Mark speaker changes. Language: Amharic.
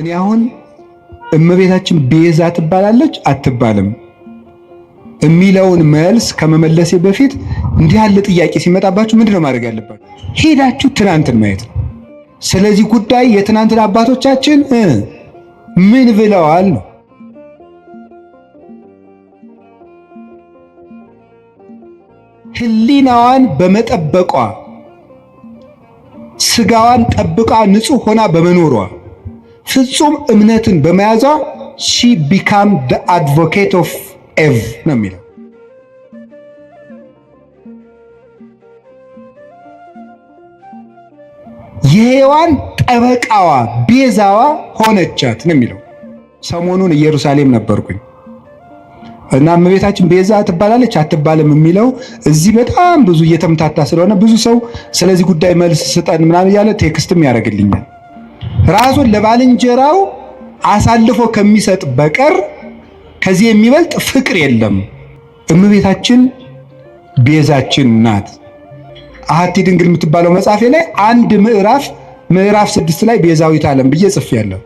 Speaker 1: እኔ አሁን እመቤታችን ቤዛ ትባላለች አትባልም የሚለውን መልስ ከመመለሴ በፊት እንዲህ ያለ ጥያቄ ሲመጣባችሁ ምንድን ነው ማድረግ ያለባችሁ? ሄዳችሁ ትናንትን ማየት ነው። ስለዚህ ጉዳይ የትናንትን አባቶቻችን ምን ብለዋል ነው ህሊናዋን በመጠበቋ ስጋዋን ጠብቃ ንጹሕ ሆና በመኖሯ ፍጹም እምነትን በመያዟ ሺ ቢካም አድቮኬት ኦፍ ኤቭ ነው የሚለው። የሔዋን ጠበቃዋ ቤዛዋ ሆነቻት ነው የሚለው። ሰሞኑን ኢየሩሳሌም ነበርኩኝ እና እመቤታችን ቤዛ ትባላለች አትባልም የሚለው እዚህ በጣም ብዙ እየተምታታ ስለሆነ ብዙ ሰው ስለዚህ ጉዳይ መልስ ስጠን ምናምን እያለ ቴክስትም ያደርግልኛል። ራሱን ለባልንጀራው አሳልፎ ከሚሰጥ በቀር ከዚህ የሚበልጥ ፍቅር የለም። እመቤታችን ቤዛችን ናት። አሐቲ ድንግል የምትባለው መጽሐፌ ላይ አንድ ምዕራፍ ምዕራፍ ስድስት ላይ ቤዛዊት ዓለም ብዬ ጽፌያለሁ።